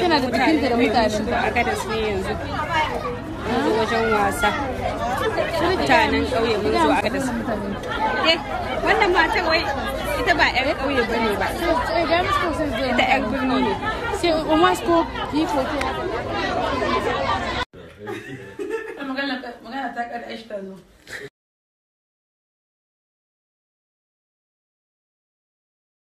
tana da bikin da mutane a kada su ne yanzu wajen wasa mutanen ƙauye mun zo aka da su eh, wannan matar wai ita ba 'yar ƙauye ba ne ba ita 'yar birni ne sai umar ko magana ta ta zo